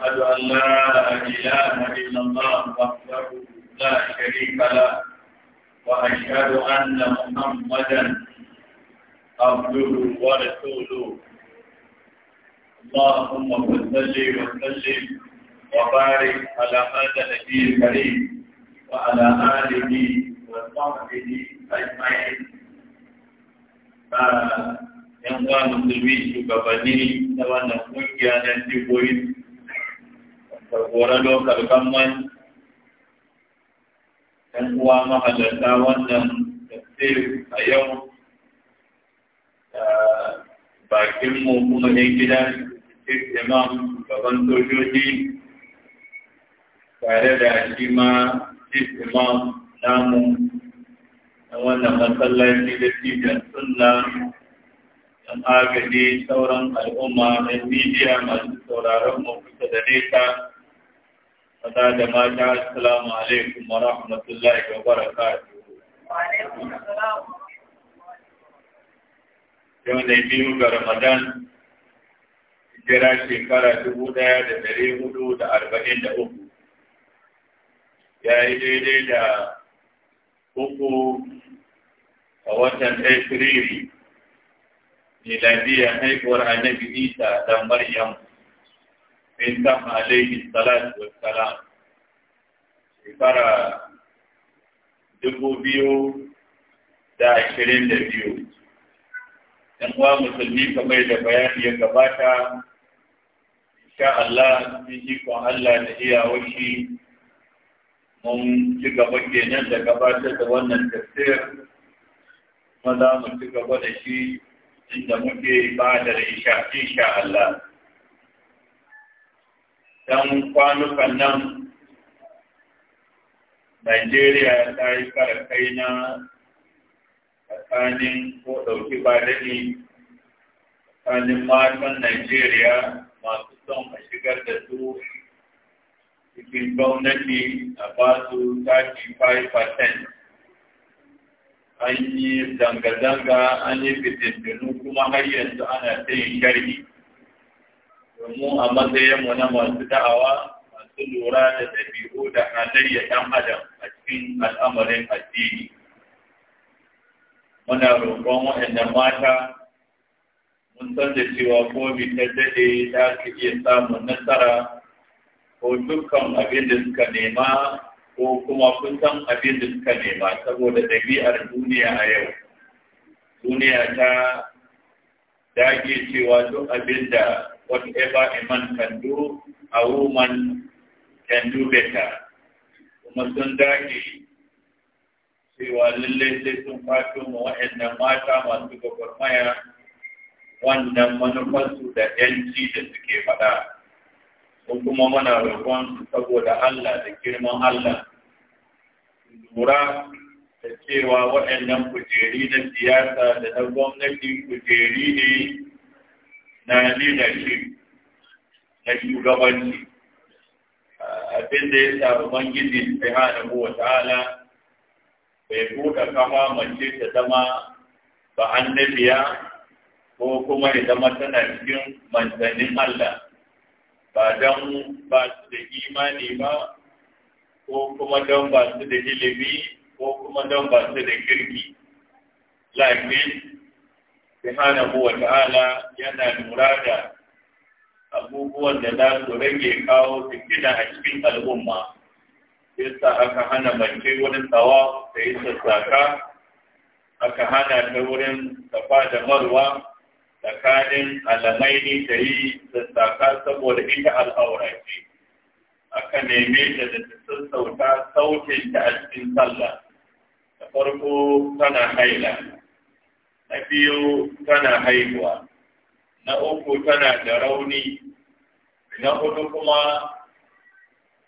أشهد أن لا إله إلا الله وحده لا شريك له وأشهد أن محمدا عبده ورسوله اللهم صل وسلم وبارك على هذا النبي الكريم وعلى آله وصحبه أجمعين آه، ينقى المسلمين شكبني سواء نكون كان يجب da kora lokal gamman ɗan uwa mahalarta wannan tafsir a yau da bakinmu kuma ɗan gidan Chief Imam gaban sojoji tare da shi ma Chief Imam namu na wannan masallaci da cibiyar sunna don agaji sauran al'umma na midiya masu sauraron mu kusa da nesa maza da mata assalamu alaikum wa rahmatullahi wa barakatuh yau ne biyu ga ramadan jira shekara dubu daya da dari hudu da arba'in da uku ya yi daidai da uku a watan april miladiyar haihuwar annabi isa da maryam Isa alaihi salatu wassalam shekara dubu biyu da ashirin da biyu. ‘Yan uwa musulmi kamar da bayani ya gabata, insha Allah sun ikon Allah da iyawashi mun ci gaba nan da gabatar da wannan tafsir kuma za mu ci gaba da shi inda muke ba da sha Allah. don kwanukan nan Najeriya ta yi karkai na tsakanin ko ɗauki ba daɗi tsakanin matan Najeriya masu son a shigar da su cikin gwamnati a ba su 35%. An yi zanga-zanga an yi fitintunu kuma har yanzu ana ta yin sharhi. mu a matsayinmu na masu da'awa masu lura da ɗabi'u da halayya ɗan adam a cikin al'amarin addini. Muna roƙon waɗanda mata mun san da cewa ko ta daɗe za su iya samun nasara ko dukkan abin da suka nema ko kuma kun san abin da suka nema saboda ɗabi'ar duniya a yau. Duniya ta dage cewa duk abin da whatever a man can do, a woman can do better. Kuma sun dage cewa lallai sai sun fato ma waɗannan mata masu gwagwarmaya wannan manufansu da ‘yanci da suke faɗa. Sun kuma mana roƙon saboda Allah da girman Allah. Lura da cewa waɗannan kujeri na siyasa da na gwamnati kujeri ne na leadership na shugabanci abin da ya bangiji ubangiji hana mu ta'ala bai buɗe kama mace ta zama ba annabiya ko kuma ya zama tana cikin manzannin Allah ba don ba su da imani ba ko kuma don ba su da ilimi ko kuma don ba su da kirki. Like subhanahu wa ta'ala yana lura da abubuwan da za su rage kawo fitina a cikin al'umma yasa aka hana mace wurin tsawa da yi sassaka aka hana ta wurin safa da marwa tsakanin ne da yi sassaka saboda ita al'aura ce aka neme ta da ta sassauta sautin ta a cikin sallah da farko tana haila na biyu tana haihuwa na uku tana da rauni na hudu kuma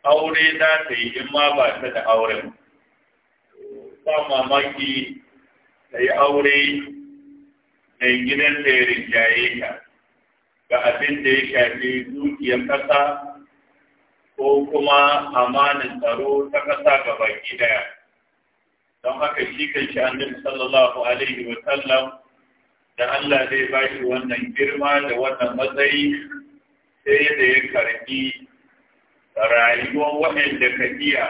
aure za ta yi in ma ba ta da auren ba mamaki ta yi aure mai gidan da ya rinjaye ta ga abin da ya shafi dukiyar ƙasa ko kuma amanin tsaro ta ƙasa baki daya don haka shi kan shi annabi sallallahu alaihi wa sallam da Allah zai ba shi wannan girma da wannan matsayi sai yadda ya karbi rayuwar da ka iya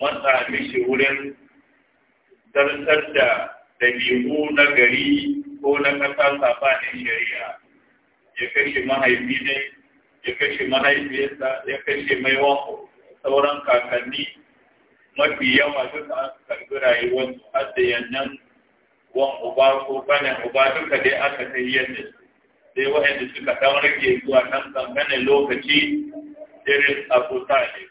matsa mishi wurin zartar da dabi'u na gari ko na ƙasa sabanin shari'a ya kashe mahaifi ne ya kashe mahaifiyarsa ya kashe maiwa sauran kakanni mafi yawa duka an karbi rayuwarsu har da yannan wan uba ko banin uba duka dai aka ta yi yadda sai wa'anda suka ɗan rage zuwa ɗan kankanin lokaci irin abu talib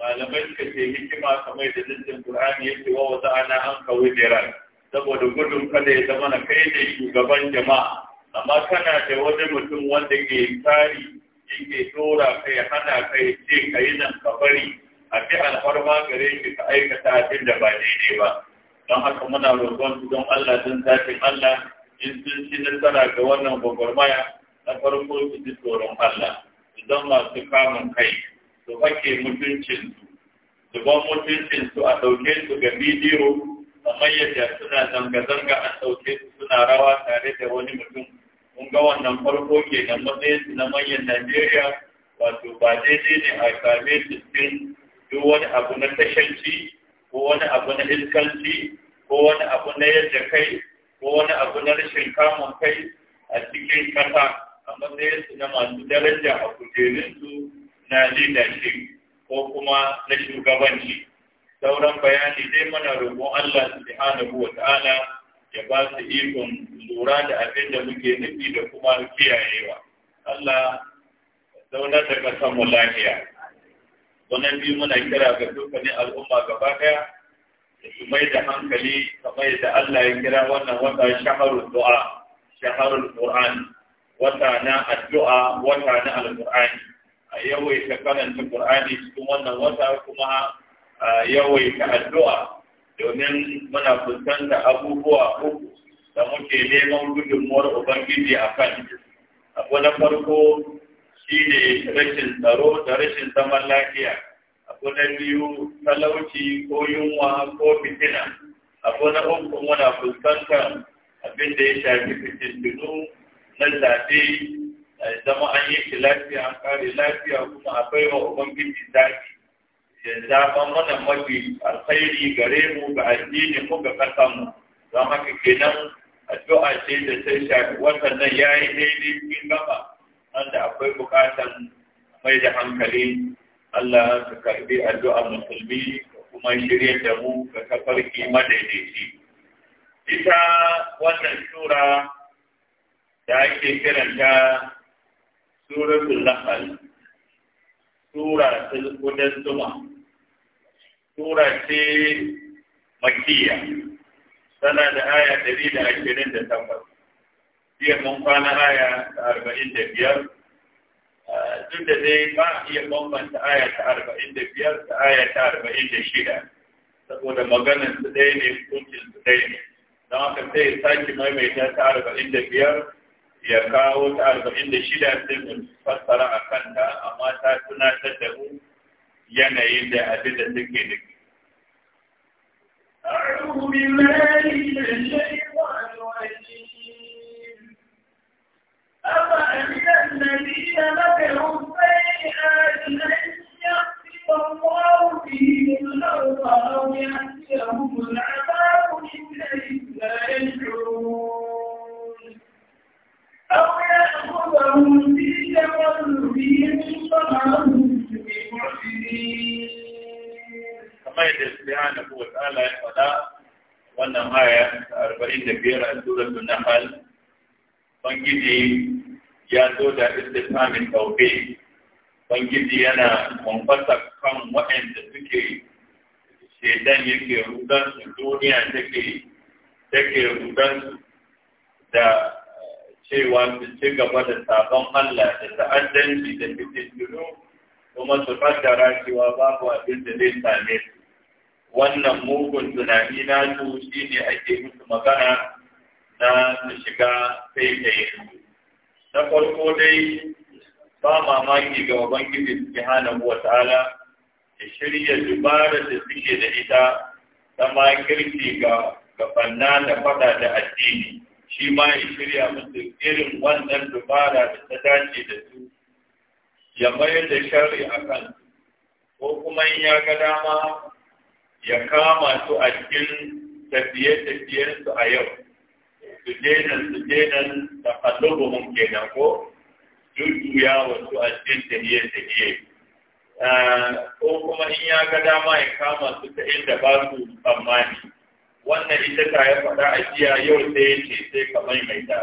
malamai suka ce hikima kamar da dindin ya ce wa wata ana an kawai jiran saboda gudun kada ya zama na kai ne shugaban jama'a amma kana da wani mutum wanda ke tsari yake dora kai hana kai ce kai nan ka bari a fi alfarma gare shi ka aikata abin da ba daidai ba don haka muna roƙon su don Allah don zafin Allah in sun ci nasara ga wannan gwagwarmaya na farko su ji tsoron Allah su masu kamun kai su fake mutuncinsu su ban mutuncinsu a ɗauke su ga bidiyo a yadda suna zanga-zanga a ɗauke su suna rawa tare da wani mutum mun ga wannan farko ke na matsayin su na manyan Najeriya wato ba daidai ne a kame su cikin duk wani abu na tashanci ko wani abu na iskanci ko wani abu na yadda kai ko wani abu na rashin kamun kai a cikin kasa a matsayinsu na masu daraja a kujerinsu na leadership ko kuma na shugabanci sauran bayani zai mana roƙon Allah subhanahu wa ta'ala ya ba su ikon lura da abin da muke nufi da kuma kiyayewa Allah zaunar da kasan mu lafiya wannan biyu muna kira ga dukkanin al'umma gaba daya su mai da hankali kamar da Allah ya kira wannan wata shaharul du'a shaharul qur'an wata na addu'a wata na Al-Qur'ani. a yawaita karanta qur'ani cikin wannan wata kuma a yawaita addu'a domin muna fuskanta abubuwa uku da muke neman gudunmuwar ubangiji a kan abu na farko ne rashin tsaro da rashin zaman lafiya abu na biyu talauci ko yunwa ko fitina abu na uku muna fuskantar abin da ya shafi fitintunu na zaɓe zama an yi shi lafiya an kare lafiya kuma akwai wa ubangiji zaɓi ya zaɓen mana mafi alkhairi gare mu ga addini ko ga ƙasanmu don kenan addu'a ce da ta shafi nan ya yi daidai cikin gaba wanda akwai bukatan mai da hankali Allah ka karbi addu'a musulmi ka kuma shirye da mu ka tafarki madaidaici. Ita wannan sura da ake kiranta suratul Nahal, sura kudan zuma, sura ce makiya, tana da aya ɗari da ashirin da takwas. iya mun kwana aya ta arba'in da biyar duk da dai ba a iya bambanta aya ta arba'in da biyar ta aya ta arba'in da shida saboda maganin su dai ne hukuncin su dai ne don haka sai ya sake maimaita ta arba'in da biyar ya kawo ta arba'in da shida sai mun fassara a kanta amma ta tunatar da mu yanayin da abin da suke da أعوذ بالله من الشيطان الرجيم أفأمن الذين مكروا السيئات أن يخسف الله بهم الأرض أو يأتيهم العذاب من حيث لا يشعرون أو يأخذهم في تولهم فهم بمعجزين كما يدل سبحانه وتعالى يقول wannan aya arba'in da biyar a suratul nahl bangiji ya zo da istifamin tauhid Bangiji yana kwamfasa kan waɗanda suke shaidan yake rudansu duniya take take rudansu da cewa su ci gaba da sabon Allah da ta'addanci da fitintunu kuma su fassara cewa babu abin da zai same su. Wannan mugun tunani na su shi ne ake musu magana na su shiga da na farko dai ba mamaki ga Ubangiji subhanahu wa ta'ala da shirya dubara da suke da ita ta makirci ga gabanna da fada da addini shi ma ya shirya musu irin wannan dubara da ta dace da su ya mayar da shari a kan ko kuma in ya ga dama ya kama su a cikin tafiye-tafiyensu a yau sujadan sujadan mun kenan ko jujjuya wasu a cikin tahiye tahiye eh, ko kuma in ya ga dama ya kama su ta inda ba su tsammani wannan ita ta ya faɗa a jiya yau sai ya ce sai ka maimaita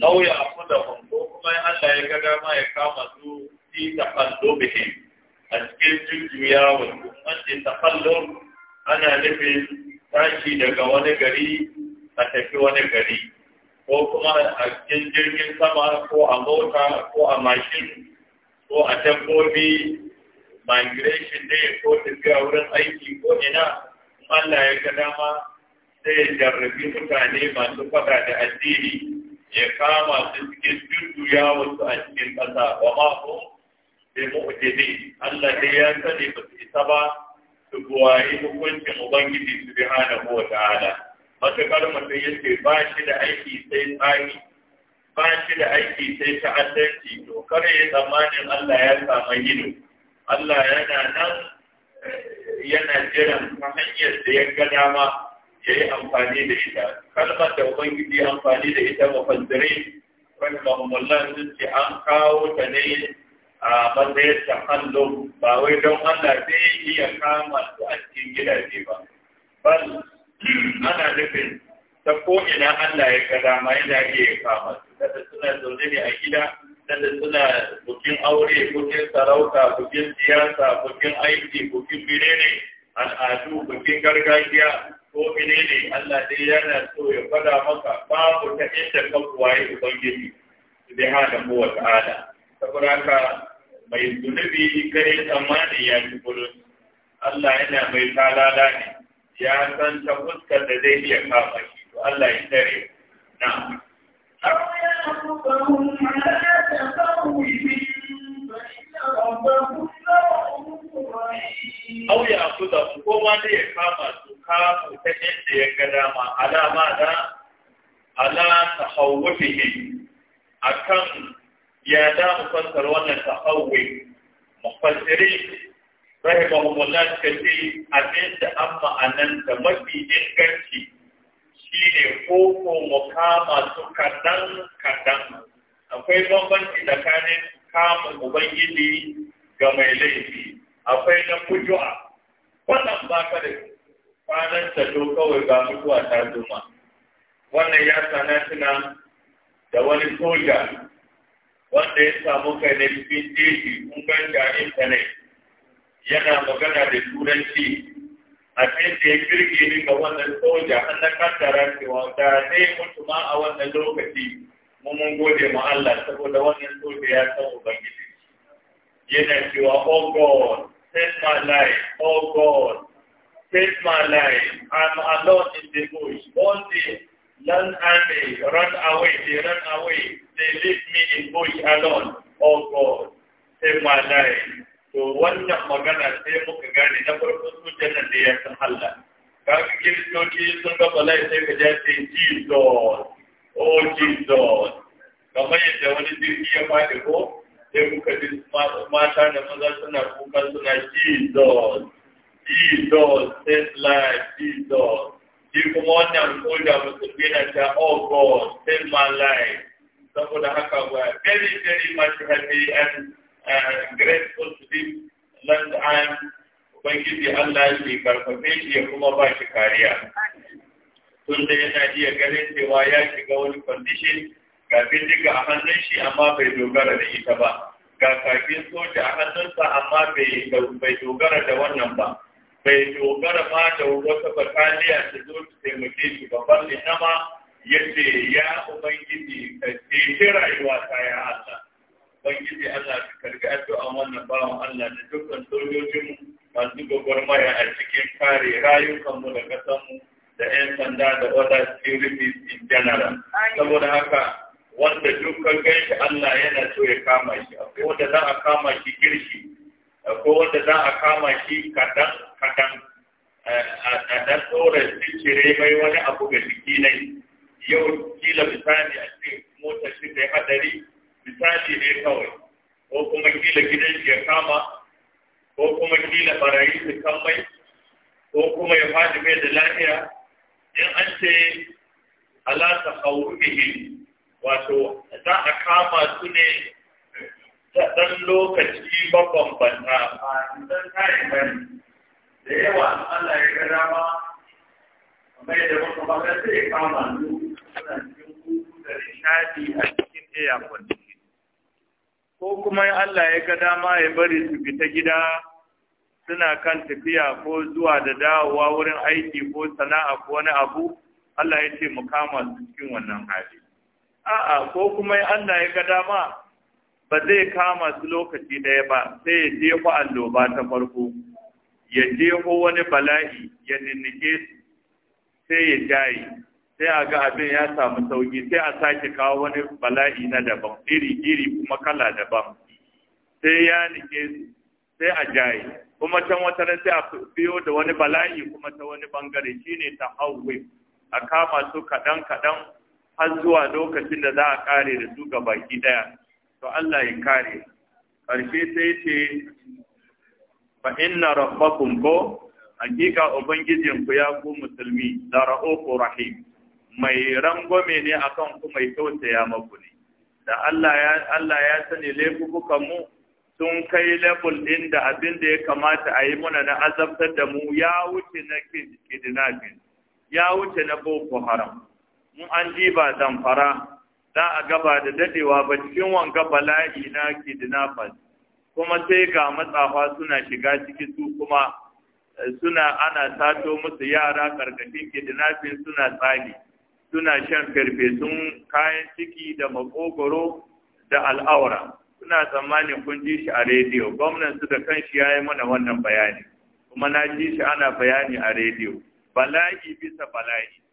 Sauya abu da ko kuma in Allah ya ga dama ya kama su fi taɓallo bihim a cikin jujjuyawar wanda ta kallon ana nufin tashi daga wani gari a tafi wani gari ko kuma a cikin jirgin sama ko a mota ko a mashin ko a dabbobi migration dai ko tafiya wurin aiki ko ina Allah ya ga dama sai ya jarrabi mutane masu fada da addini ya kama su cikin jujjuya wasu a cikin ƙasa wa bil mu'tadi Allah dai ya sani ba su isa ba su goyi hukuncin ubangiji subhanahu wa ta'ala matakar mutum yace ba shi da aiki sai tsari ba shi da aiki sai ta'addanci to kare ya tsammanin Allah ya samu gido Allah yana nan yana jiran ta hanyar da ya ga dama ya yi amfani da ita kalmar da ubangiji amfani da ita mafaddare rahimahumullah sun ce an kawo ta ne a matsayin tahallum ba wai don Allah zai iya kama su a cikin gidaje ba bal ana nufin ta ko ina Allah ya ga dama yana iya kama su kada suna zaune ne a gida kada suna bukin aure bukin sarauta bukin siyasa bukin aiki bukin menene al'adu bukin gargajiya ko ne Allah dai yana so ya fada maka babu ta inda ka kuwaye ubangiji subhanahu wa ta'ala saboda haka mai zunubi kai tsammani ya fi kudu Allah yana mai talala ne ya san ta fuskar da zai iya kama shi to Allah ya tare na Au ya ku da su koma da ya kama su kafu ta yadda ya ga dama alama da ala a akan ya da mu fassara wannan ta'awwi mufassirin rahimahumullah suka ce abin da an ma'anan da mafi inganci shine koko mukama su kaɗan kadan akwai bambanci tsakanin kama ubangiji ga mai laifi akwai na fujua wannan ba ka da kwanan ta do kawai ga mutuwa ta zuma wannan ya sana tuna da wani soja wanda ya samu kai na cikin jeji kun ganta intanet yana magana da turanci a kai da ya kirge ni ga wannan soja an na kantara cewa da ne mutu ma a wannan lokaci mu mun gode ma Allah saboda wannan soja ya san ubangiji yana cewa oh God save my life oh God save my life I'm alone in the bush all day Run away, run away, they run away, they leave me in bush alone. Oh God, save my life. To wannan magana sai muka gane na farko zuciyar nan da ya san Allah. Kaga kiristoci sun ga balai sai ka ja say, Jesus, oh Jesus. Kamar yadda wani jirgi ya faɗi ko sai kuka ji mata da maza suna son, suna Jesus, Jesus, save life, Jesus. shi kuma wannan koda musulmi na ta oh God save my life saboda haka we are very very much happy and uh, grateful to this land and Ubangiji Allah shi karfafe shi ya kuma ba shi kariya. Tun da yana iya ganin cewa ya shiga wani condition ga bindiga a hannun shi amma bai dogara da ita ba. Ga kafin soja a hannunsa amma bai dogara da wannan ba. bai dogara ma da wata bakaliya ta zo ta taimake shi ba balle nama ya ce ya ubangiji ka ceci rayuwa ta ya Allah ubangiji Allah ka karbi addu'a wannan bawan Allah da dukkan sojojin masu gwagwarmaya a cikin kare rayukanmu da kasanmu da 'yan sanda da wata securities in general saboda haka wanda dukkan gaishe Allah yana so ya kama shi a da za a kama shi girshi ko wanda za a kama shi kadan kadan a dan tsora shi cire mai wani abu ga jiki ne yau kila misali a ce mota shi da hadari misali ne kawai ko kuma kila gidan shi ya kama ko kuma kila barayi su kan mai ko kuma ya faɗi mai da lafiya in an ce ala ta wato za a kama su ne da ɗan lokaci mabambanta a cikin kayan bane da yawa Allah ya ga dama kamar yadda muka faɗa sai kama su suna cikin kuku da nishadi a cikin air condition ko kuma Allah ya ga dama ya bari su fita gida suna kan tafiya ko zuwa da dawowa wurin aiki ko sana'a ko wani abu Allah ya ce mu kama su cikin wannan hali a'a ko kuma Allah ya ga dama ba zai kama su lokaci ɗaya ba sai ya jefa alloba ta farko ya jefo wani bala'i ya ninnike su sai ya jayi sai a ga abin ya samu sauki sai a sake kawo wani bala'i na daban iri-iri kuma kala daban sai ya nike su sai a jayi kuma can wata sai a biyo da wani bala'i kuma ta wani bangare shine ta hauwe a kama su kaɗan-kaɗan har zuwa lokacin da za a kare da su ga baki ɗaya to Allah ya kare karfe sai ce fa inna rabbakum ko hakika ku ya ku musulmi da ra'uku rahim mai rangwame ne akan ku mai tausaya ya ne da Allah ya Allah ya sani laifukan mu sun kai level din da abin da ya kamata a yi muna na azabtar da mu ya wuce na kidnapping ya wuce na boko haram Mu an diba zamfara za a gaba da dadewa ba cikin wanga bala'i na kidnappers kuma sai ga matsafa suna shiga ciki su kuma eh, suna ana sato musu yara karkashin kidnapping suna tsani suna shan farfesun kayan ciki da makogoro da al'aura suna tsammanin kun ji shi a rediyo gwamnan su da kanshi ya yi mana wannan bayani kuma na ji shi ana bayani a rediyo bala'i bisa bala'i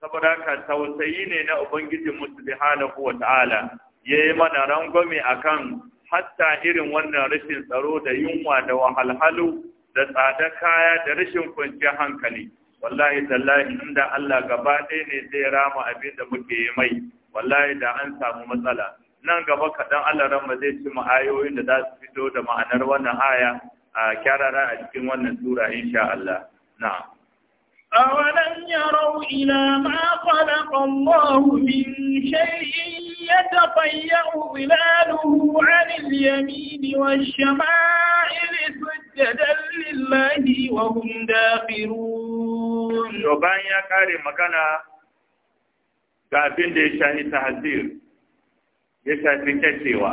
saboda haka tausayi ne na ubangiji subhanahu wa ta'ala yayi mana rangwame akan hatta irin wannan rashin tsaro da yunwa da wahalhalu da tsada kaya da rashin kwanciyar hankali wallahi tallahi inda Allah gaba ɗaya ne zai rama abin da muke yi mai wallahi da an samu matsala nan gaba kaɗan Allah ranma zai ci mu ayoyin da za su fito da ma'anar wannan aya a kyarara a cikin wannan sura insha Allah na'am أولم يروا إلى ما خلق الله من شيء يتطير ظلاله عن اليمين والشمائل سجدا لله وهم داخرون شوبان يا كاري مكانا كابين دي شاهي تحذير ya shafi kyacewa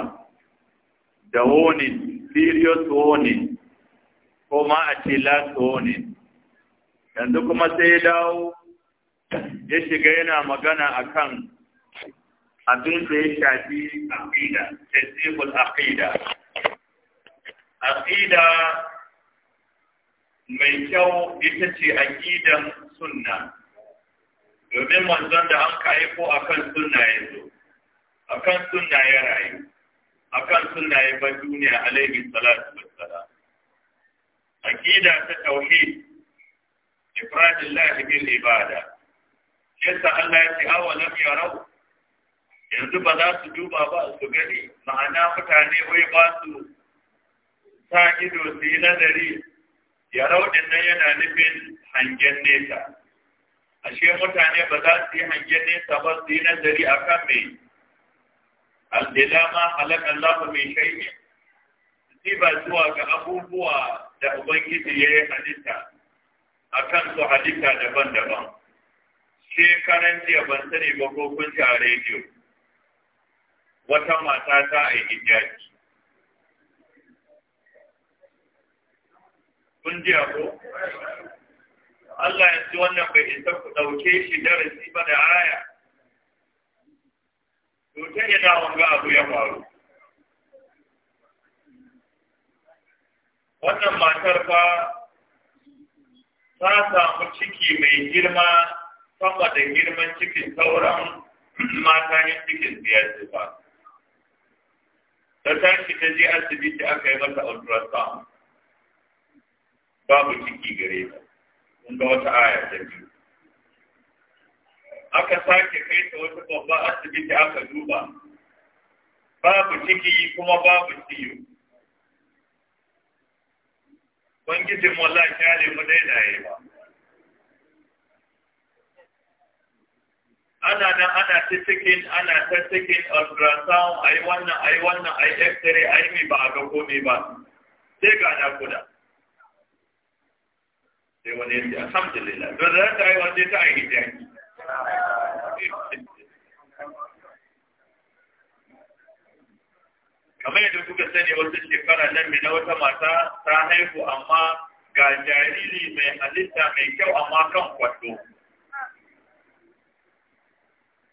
da warning serious warning ko ma a ce last warning yanzu kuma sai ya dawo ya shiga yana magana a kan abin da ya shafi aqida tasibul aqida aqida mai kyau ita ce aqidan sunna domin manzon da an kai ko akan sunna ya zo akan sunna ya rayu akan sunna ya bar duniya alaihi salatu wassalam aqida ta tauhid ifradillahi bil ibada yasa Allah ya ce awa lam yarau yanzu ba za su duba ba su gani ma'ana mutane wai ba su sa ido su yi nazari ya raudin nan yana nufin hangen nesa ashe mutane ba za su yi hangen nesa ba su yi nazari a kan mai aldilama halakan lafa mai shaiɗi su ba zuwa ga abubuwa da ubangiji ya yi halitta a kan su halitta daban-daban shekaran jiya ban sani ba ko kun ji a rediyo wata mata ta a yi kun ji ko Allah ya ci wannan bai isa ku ɗauke shi darasi ba da aya to ta ina wanga abu ya faru wannan matar fa ta samu ciki mai girma sama da girman cikin sauran mata yin cikin biyar ba. Da tashi ta je asibiti aka yi mata ultrasound. Babu ciki gare ta. Inda wata aya ta biyu. Aka sake kai ta wata babban asibiti aka duba. Babu ciki kuma babu ciyo. Bangijin wallahi kyale mu daina yi ba. Ana nan ana ta cikin ana ta cikin ultrasound ai wannan ai wannan ai x-ray ai mi ba a ga komai ba. Sai ga na kuda. Sai wani ya ce alhamdulillah. Don zai ta yi wani ta aiki ta yi. kamar yadda kuka sani wata shekara nan mai na wata mata ta haihu amma ga jariri mai halitta mai kyau amma kan kwato.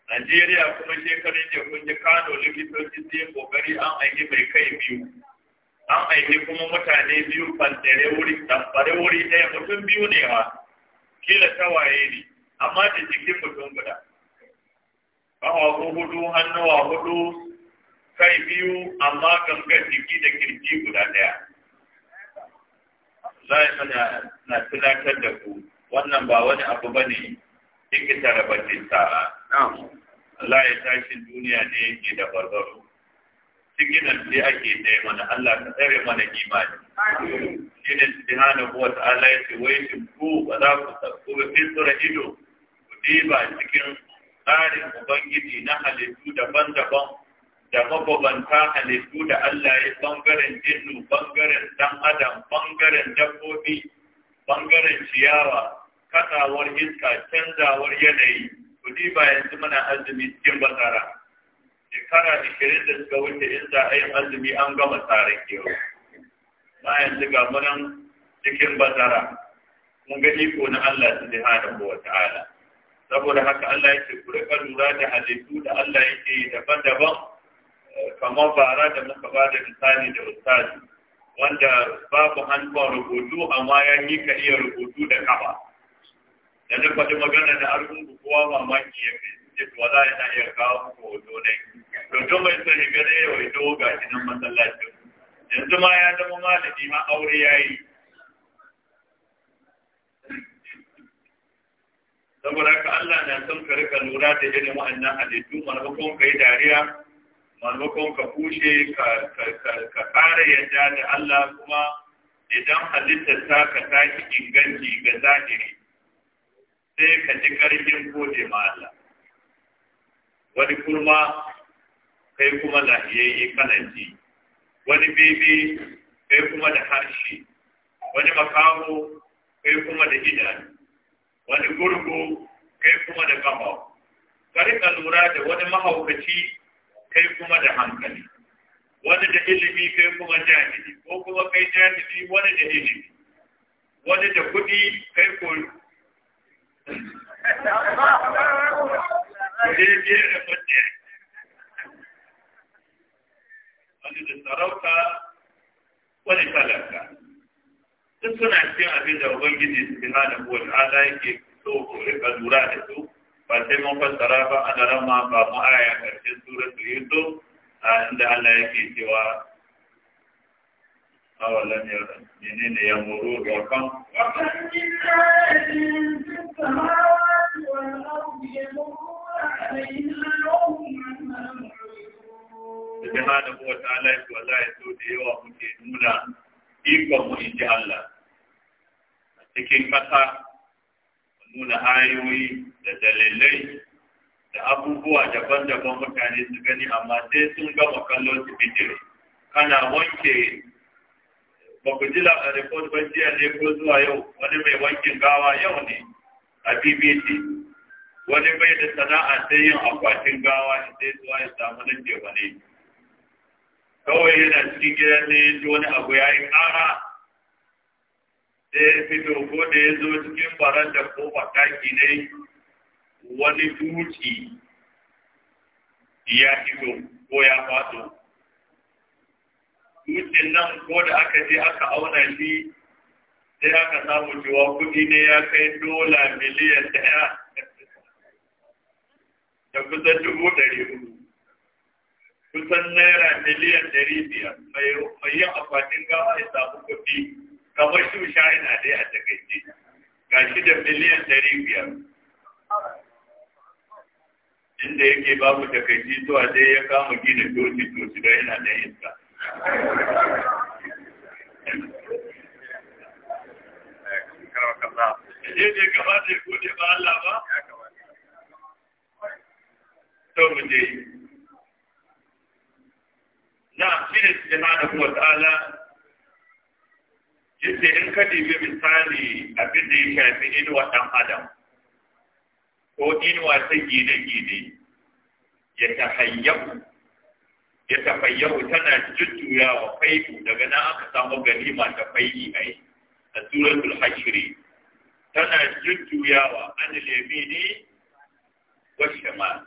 Najeriya kuma shekarun da kun ji Kano likitoci sai kokari an aiki mai kai biyu. An aiki kuma mutane biyu fantare wuri, tamfare wuri ɗaya mutum biyu ne ma. Kila tawaye ne, amma da jikin mutum guda. Ƙawa hudu, hannuwa hudu, kai biyu amma gangan jiki da kirji guda ɗaya. Zai mana na tunatar da ku wannan ba wani abu ba ne ikita rabacin tara Allah ya tashin duniya ne yake da barbaro. Cikinan sai ake ɗaya mana Allah ka tsare mana imani. Shi ne subhanahu wa ta'ala ya ce wai shi ku ba za ku tsakku ba fitura ido ku diba cikin tsarin Ubangiji na halittu daban-daban da mababanta halittu da Allah ya bangaren jinnu, bangaren dan adam, bangaren dabbobi, bangaren ciyawa, katsawar iska, canzawar yanayi, kudi ba yanzu muna azumi cikin basara. Shekara ishirin da suka wuce in za a yi azumi an gama tsarin kewa. Ba yanzu ga munan cikin basara. Mun ga iko na Allah Su subhanahu wa ta'ala. Saboda haka Allah ya ce ku lura da halittu da Allah yake daban-daban kamar bara da muka ba da misali da ustazi wanda babu hannun rubutu amma ya yi ka iya rubutu da kafa da duk faɗi magana da arzikin kowa mamaki ya fi ce wala na iya kawo muku hoto ne hoto mai sani gane ya hoto ga shi nan masallacin yanzu ma ya zama malami ma aure ya yi saboda ka Allah na son ka rika lura da irin wa'annan halittu mana ka yi dariya maimakon ka kushe ka ƙara yadda da Allah kuma idan halittar ta ka tashi inganci ga zahiri sai ka ji ƙarfin gode ma Allah wani kurma kai kuma lahiyayye ji wani bebe kai kuma da harshe wani makaho kai kuma da idanu wani gurgu kai kuma da kafa ka lura da wani mahaukaci kai kuma da hankali wani da ilimi kai kuma jami'i ko kuma kai jami'i wani da ilimi wani da kuɗi kai ko wani da sarauta wani talaka duk suna cikin abin da ubangiji ko wa ala yake so ko rika lura da su fasai sai mun fassara ba ana rama ba mu aya karshen suratul a inda Allah yake cewa awalan ya ne ya muru ga kan wa kan min ayatin fis samawati wal ardi ya so da yawa muke nuna ikon mu inji Allah cikin kasa nuna ayoyi da dalilai da abubuwa daban-daban mutane su gani amma sai sun gama kallon su bidiyo kana wanke ba ku ji report ban jiya ne ko zuwa yau wani mai wankin gawa yau ne a bbc wani bai da sana'a sai yin akwatin gawa sai zuwa ya samu na ne kawai yana cikin gidan ne wani abu ya yi kara da ya fito ko da ya zo cikin baran da ko bakaki ne wani duki ya fito ko ya fato. Dukin nan ko da aka je aka auna shi sai aka samu cewa kuɗi ne ya kai dola miliyan ɗaya da kusan dubu ɗari hudu. Kusan naira miliyan ɗari biyar mai yin akwatin gawa ya samu kuɗi kamar su sha'ina dai a takaice ga shi da miliyan ɗari biyar inda yake babu takaici a dai ya kama gina doci doci don yana da iska Ije ne kamata da gode ba Allah ba? To mu je. Na shi ne su jama'a da kuma ta'ala yadda in ka dibi misali abin da ya shafi inuwa ɗan adam ko inuwa ta gine-gine ya hayyau ya hayyau tana jujjuya wa faifu daga nan aka samu ganima ta fai'i ai a suratul hashri tana jujjuya wa an ne wasu ma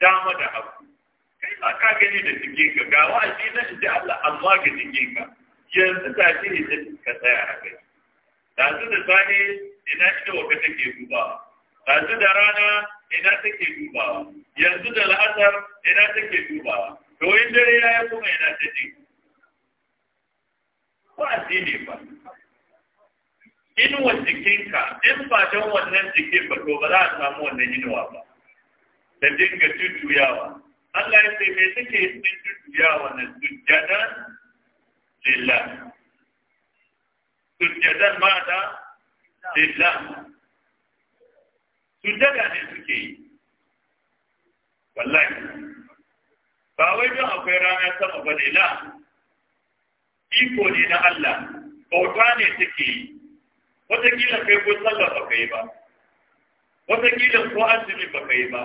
dama da haku kai ba ka gani da jikinka ka ga wa'azi na inda Allah amma ga jikinka. ka yanzu ga ce ne ta ka tsaya a kai yanzu da sani ina ita wa take duba yanzu da rana ina ke duba yanzu da la'asar ina ke duba to yin dare ya yi kuma ina ta ce. ba ne ba inuwar jikinka in ba don wannan jikin ba to ba za a samu wannan inuwa ba Ta dinga tuttuyawa Allah ya ce me suke yin tuttuyawa na sujjada لله سجدا ماذا لله sujjada ne wallahi ba wai don akwai ranar sama ba ne na iko ne na Allah bauta ne take yi wataƙila kai ko sallah ba kai ba wataƙila ko azumi ba kai ba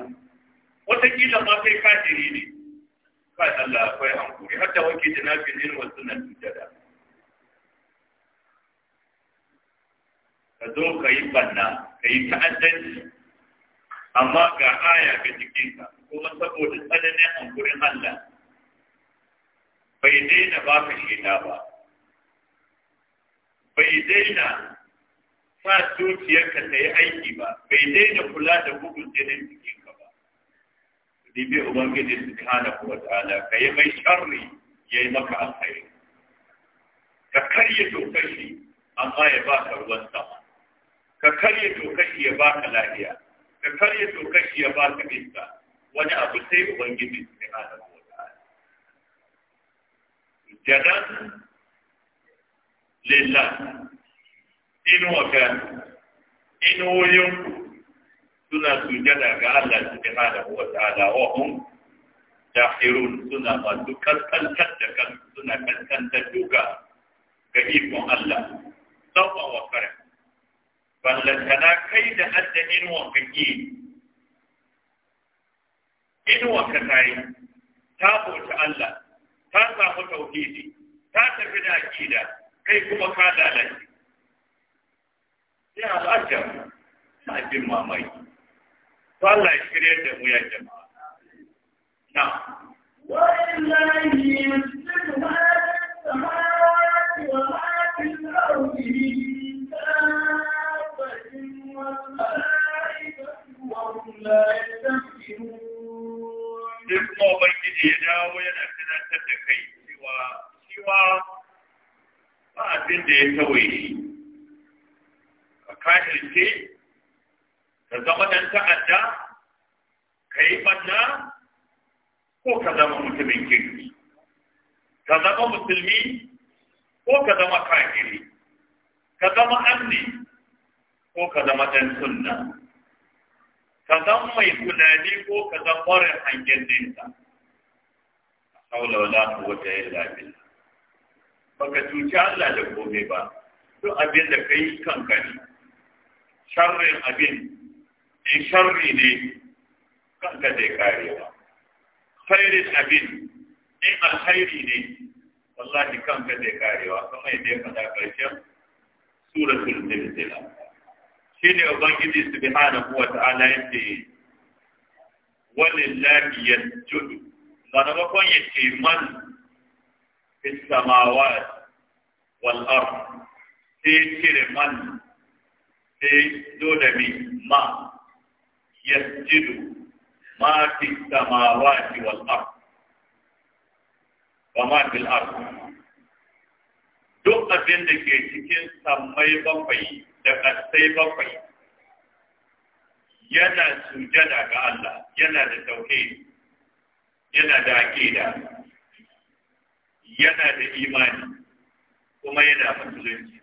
wataƙila ma kai kafiri ne kai Allah akwai hankuri hatta wanke jinafin wasu na sujada ka zo ka yi banna ka yi ta'addanci amma ga aya ga jikinka kuma saboda tsananin hankurin Allah bai daina ba ka shaida ba bai daina sa zuciyarka ta yi aiki ba bai daina kula da bugun jinin jikinka dibi ubangiji subhanahu wa ta'ala ka yi mai sharri ya yi maka alkhairi ka karye dokar amma ya ba ka ruwan sama ka karye dokar ya ba ka lafiya ka karye dokar ya ba ka iska wani abu sai ubangiji subhanahu wa ta'ala jadan lillah inuwa ka yanku. suna sujada ga Allah subhanahu wa ta'ala wa hum dahirun suna masu kaskantar da kan suna kaskantar duka ga ikon Allah sauwa wa kare ballantana kai da hadda inuwan kake inuwan ka tayi ta bauta Allah ta samu tauhidi ta tafi da akida kai kuma ka lalace Ya al'ajar, na jin mamaki to Allah ya shirye da mu ya jama'a na wallahi Sai kuma Ubangiji ya dawo yana tunatar da kai cewa cewa ba abin da ya tawaye shi, ka zama ɗan ta'adda ka yi banna ko ka zama mutumin kirki ka zama musulmi ko ka zama kafiri ka zama anni ko ka zama ɗan sunna ka zama mai tunani ko ka zama mara hangen nesa haula wala yin illa Ba ka cuci Allah da komai ba duk abin da yi kanka ne sharrin abin in eh, sharri ne kanka zai karewa khairin abin in alkhairi ne wallahi kanka zai karewa kamar yadda ya faɗa ƙarshen suratul zilzila shi ne ubangiji subhanahu wa ta'ala yace walillahi yasjudu sanamakon yace man fis samawati wal ard sai kire man sai dole da mi ma يسجد ما في السماوات والأرض وما في الأرض duk abin da ke cikin sammai bakwai da ƙasai bakwai yana sujada ga Allah yana da tauhid yana da aƙida yana da imani kuma yana musulunci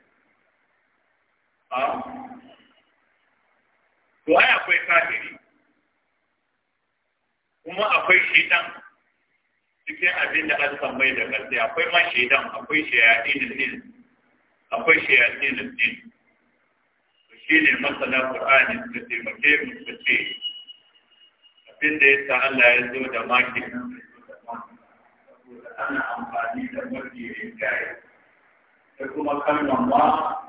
to ai akwai kafiri kuma akwai shaitan cikin abin da an san mai da gaske akwai ma shaitan akwai shayatin din akwai shayatin din shi ne masana Qur'ani da taimake mu su ce abin da yasa Allah ya zo da maki ana amfani da mafi rinjaye da kuma kalmar ma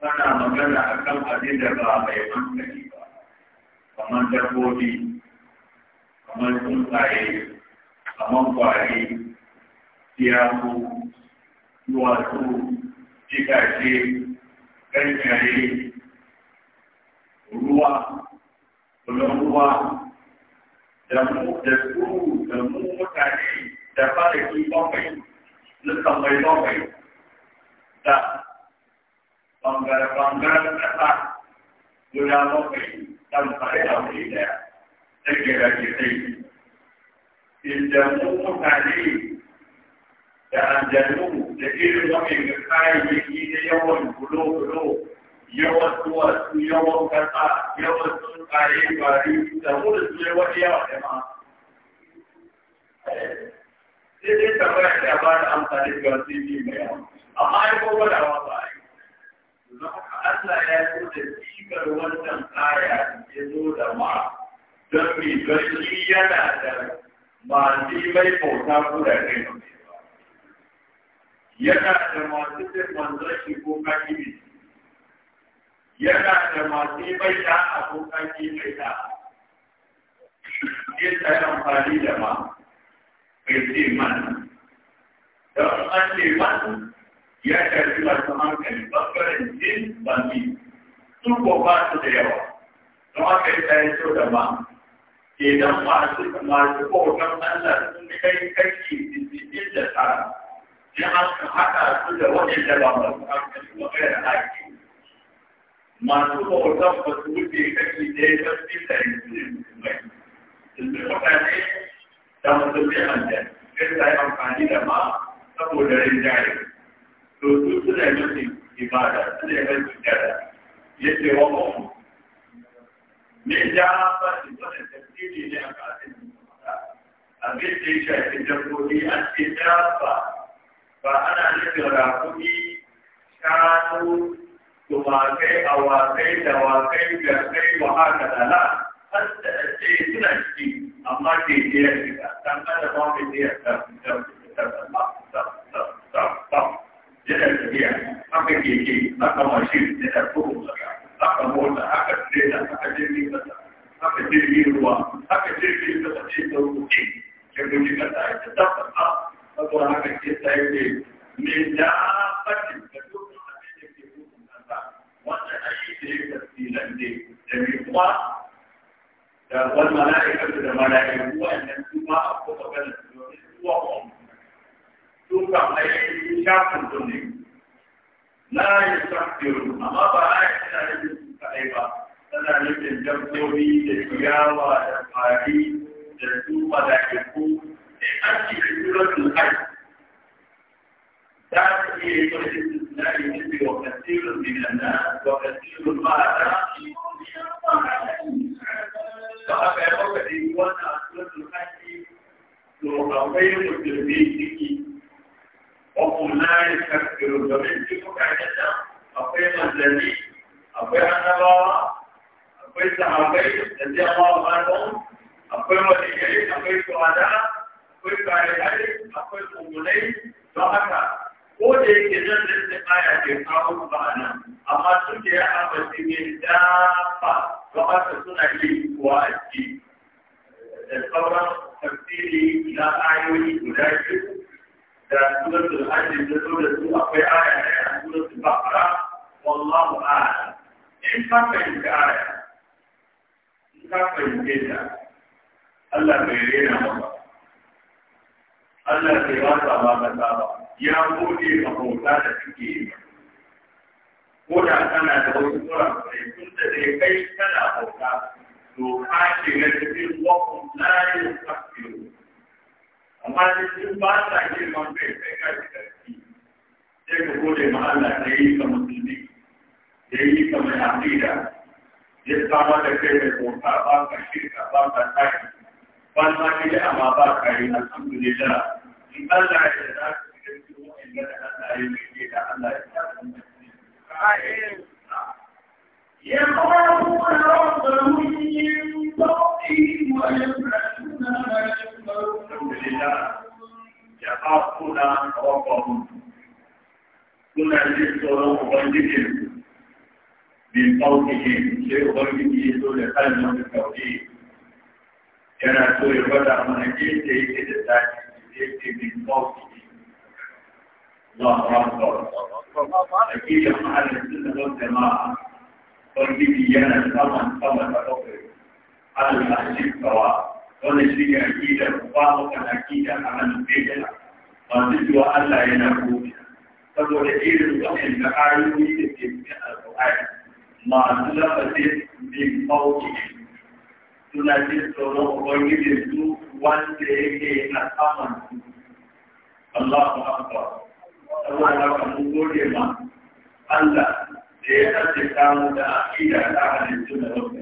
kana magana akan abin da ba mai hankali ba kamar dabbobi kamar tsuntsaye kamar kwari siyaku duwatsu jikace ƙarfiyare ruwa kulan ruwa da mu da su da mu mutane da ki bambai dukkan mai bambai da bangare-bangaren ƙasa guda bambai tamfare da wuri daya take rage sai idanun mutane da aljanu da irin wa'in kayayyaki da yawan bulo-bulo yawan duwatsu yawan kasa yawan bari da wurin su yawan yawa jama'a sai dai tambaya da ba da amfani ga wasu mai yawa amma ai ba don haka Allah ya zo da cikar wannan aya ya zo da ma don mai barci yana da masu mai bauta ko da kai yana da masu cin manzon shi ko kakiri yana da masu mai da abokan ki mai da ya amfani da ma kai ce man don an ce man ya shafi masu hankali bangaren jin bandi su ko ba su da yawa don haka yi ta yi so da ma idan masu masu kowakan Allah sun kai kashi da tara in an haɗa su da waɗanda ba masu hankali ba kai da haƙi masu kowakan ba su wuce kashi ɗaya ba su da yanzu mai yanzu mutane da musulmi a sai ta yi amfani da ma saboda rinjaye to su suna nufin ibada suna yin ibada ya ce wa mafi ne ja ba shi wani tafsiri ne a kasin abin da ya shafi dabbobi an ce ba ana nufin rakumi shanu tumakai awakai dawakai garkai wa haka dala har da ce suna ciki amma ke je shiga dan kada ba mai je ya tafi tafi tafi yana tafiya haka keke haka mashin yana tuhu haka mota haka trela haka jirgin kasa haka jirgin ruwa haka jirgin kasa ce da ruke kasa ya ta tafa a saboda haka ke ne me da fatin da dukkan abin da ke kasa wanda a shi da ya tasirin ne da mai kuwa da wani mala'ikar da mala'ikar kuwa yanzu ma a kuma ganin kuma. شرط الدنيا لا يستكبر أما بعد أن يجب كأيبا أنا يجب جمعي لسياوة لفاري لسوء لكفو لأني في سورة الحج ذات هي الاستثناء الذي وكثير من الناس وكثير ما أدرى فأبا وكثير وانا سورة الحج لو رأيت المسلمين ọkùnrin láàrin kàkiri ọjọ méjì fún kàkẹta ọpẹ ọjọlẹ ọpẹ ọjọlẹ ọpẹ ọjọlẹ ẹjẹ ọmọ ọba lọ ọpẹ ọjọlẹ ọpẹ ìfọwọdá ọpẹ ìfọwọdá ọpẹ ìfọwọdá lọ́kàtà ó lè ṣe lọ́sẹ̀ ṣe báyà ṣe fún àwọn ọba àná àmọ́ tó jẹ́ àpẹẹsẹ̀ ní dáàbà lọ́kàtà tó náà lè wọ àjì ẹ̀sọ́ bá ṣàkíyèsí ìlànà ayé ìgbòdá ìgbòdá da suratul hajji da zo da su akwai aya da ya suratul baqara wallahu fahimci Allah ka ya bauta da kake yi ko da kana da wasu kurakurai da zai kai bauta layin kafin amma da shi ba sa bai kai sai ka ji sai ku gode ma Allah da yi ka musulmi da yi ka mai aqida ya samar da kai da bauta ba ka shirka ba ka tashi ba ma ki da amma ba ka yi alhamdulillah in Allah ya da ka ji wa'anda da Allah ya yi da Allah ya ta يخافون ربهم من فوقهم ويفرحون ما alhamdulillah ya hakuna rabbahum kuna jin tsoron ubangijin bin kaukihi sai ubangiji ya zo da kan nan kauki yana so ya gwada mana yadda yake da zaki yake bin kaukihi Allahu Akbar Hakika ma'anar sunna wal jama'a ubangiji yana saman sama da wannan shi ne aƙida ba kan aƙida a hannun bejala masu cewa Allah yana gobe saboda irin waɗanda ayoyi da ke cikin alƙur'ani masu lafazin bin fauki suna jin tsoron ubangijin su wanda yake a saman su Allahu Akbar saboda haka mun gode ma Allah da ya tattaka mu da aƙida ta halittu da wasu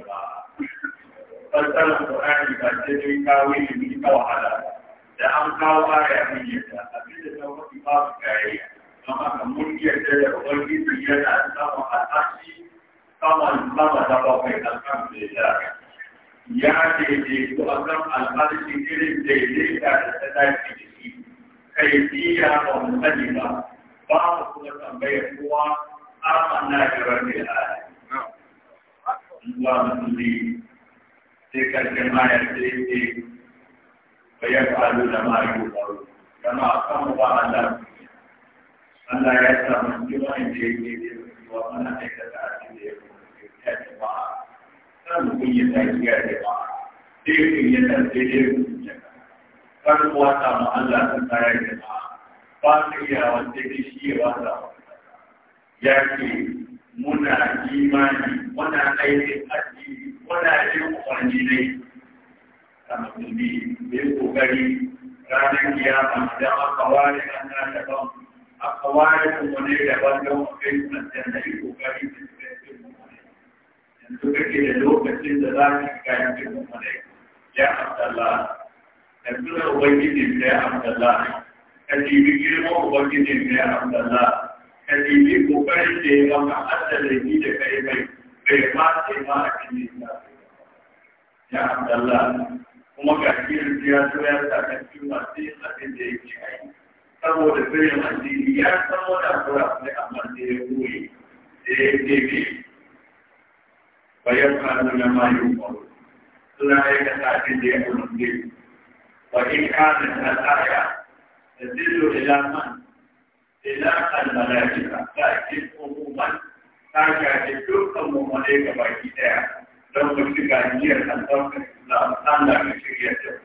fassarar Qur'ani ba sai dai kawo ilimi ta wahala da an kawo baya mun yadda abinda ta wani babu gayayya don haka mun yadda da ubangiji yana samun al'ashi saman sama da bakwai alhamdulillah ya daidaito a kan al'ashi irin daidaita da ta dace da shi kai biya ba mu sani ba ba mu kuma tambayar kowa amanna da ya alamin. Allah musulmi sai karshen ayar da yake bayar kalu da ma'ayu baro kama a ba Allah Allah ya sa mun da yake da wa mana aikata a cikin da yake da jama'a kan mun yi tafiya da jama'a sai kun yi tafiya da ta ta da ta ke shi ya muna imani muna aikin addini muna ake umarni ne a musulmi da yi kokari ranar kiyama idan aka ware an na daban aka ware kuma ne daban don a kai kuma da yi kokari da su kai su kuma ne yanzu kake da lokacin da za ka shiga yanzu kuma ne ya abdallah yanzu da ubangiji ne ya abdallah ka jibi girman ubangiji ne ya ka jibi kokarin da ya da kai mai bai ma ce ma a cikin ya Abdallah kuma ga kirin ya zo ya saka cikin masu yin da yake aiki saboda sirrin addini ya san wani abuwa ne amma da ya koyi da ya kebe bayan kanu na mayu kwaro suna aikata abin da ya umarce wa in kana al'aya da zillu ila man ila al-malaika ta kin umuman ta shafi dukkan mummune ga baki daya don mu shiga niyyar albarkar Islam Allah ka shirya da mu.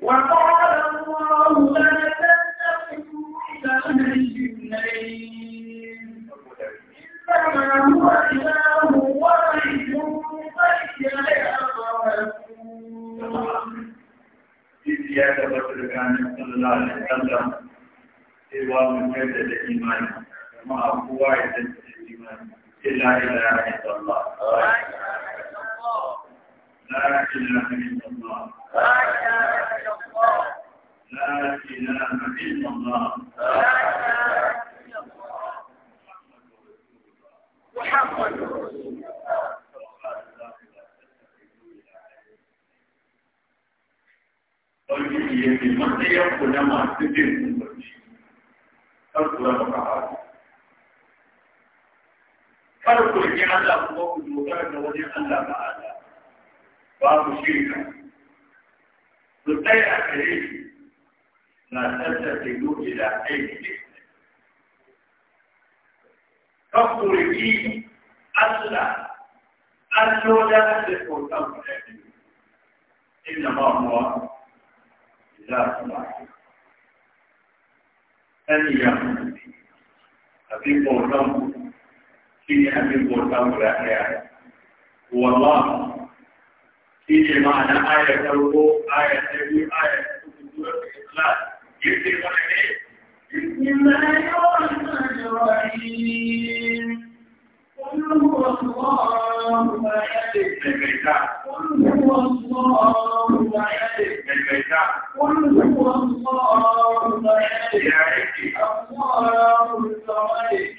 وقال الله لا تتخذوا إلهين اثنين إنما هو إله واحد فإياي فارهبون. إذ يتبت الكامل صلى الله عليه وسلم سوى من هذا الإيمان ما هو واحد الإيمان إلا إله إلا الله لا إله إلا الله لا إله إلا الله لا إله إلا الله محمد رسول الله الله قل لي من يقول ما تدري من وجهي أقول لك kada ku rike Allah ku ku dogara da wajen Allah ba Allah babu shirka ku tsaya a kare shi na tattace duki da aiki kan ku rike Allah an lola da kyautan ku da biyu inna ma huwa ila kuma sani ya abin kyautan ku في هذه المرتبة الأحياء والله في معنى آية تلقوا آية تلقوا آية تلقوا الله الرحمن الرحيم قل هو الله احد قل هو الله الله احد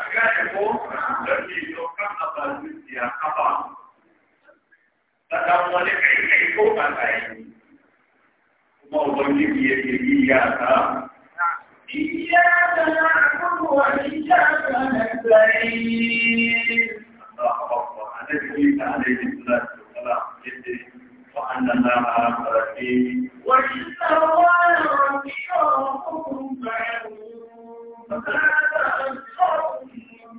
a gane ko da ke dokan a ba zuciya kafa ta dan wani kai ko ba ta yi kuma ubangiji ya ke yi ya ta إياك نعبد وإياك نستعين الله أكبر عليه عليه الصلاة والسلام وأن الله رحيم وإن الله رحيم فلا تأمن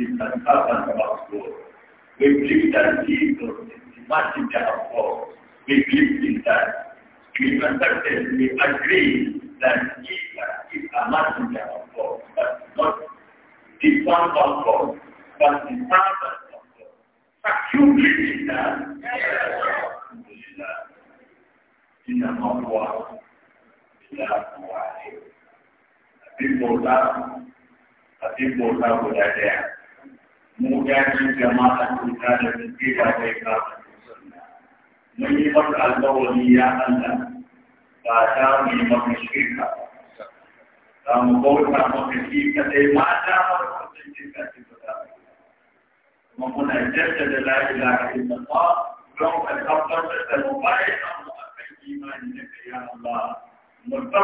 in the of our We believe that Jesus is the messenger of God. We believe in that. We consulted, we agree that Jesus is a messenger of God, but not the son of God, but the father of God. But you in that. In the whole world, in the whole world. People love, people mujahidin jama'a kuka da suke da bai ka da sunna mun yi maka alƙawari ya Allah ba ta mu yi maka shirka ba mu bauta maka shi ka dai ma ta maka sun ce ka ci ba ta kuma muna jarta don ka tabbatar da mu bayyana a kan imani da ka ya Allah mu da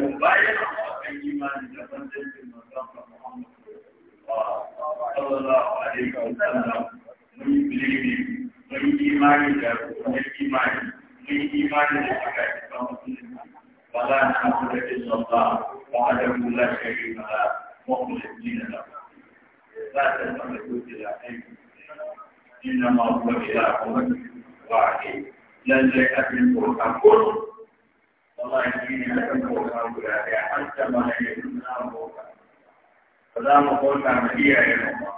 mu bayyana a kan imani da ban zai ce mu tabbatar صلى الله عليه وسلم من بلغني من إيمان له من إيمان من إيمان له فلا نعبد إلا الله وحده لا شريك له مخلصين له لا تستملكوا إلى إنما هو إله واحد لا شيء من فوق كل والله يجيني أكن فوق حتى ما يكون فوق فلا مقول عملية يا الله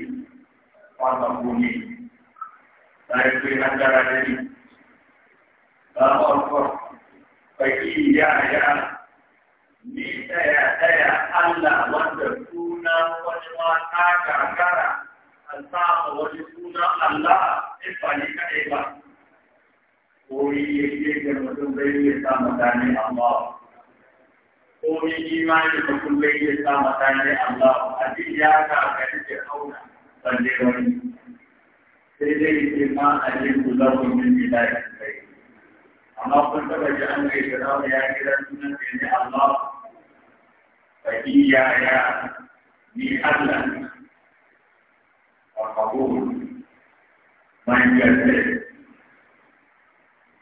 wannan gumi bayan sai nan gara da ni ba farko baki ya ya ni ɗaya ɗaya Allah wanda suna wani ma ta gagara an samu wani suna Allah in ba ni kaɗai ba koyi ya ce da mutum zai iya sa mutane Allah koyi imani mutum zai iya sa mutane Allah a duk ya ka gari da auna balle wani sai dai ce ma a je ku za ku min bi da kai amma kun taba ji an yi da ya kira sunan sai ne Allah fakiya ya ni Allah wa qabul man yadda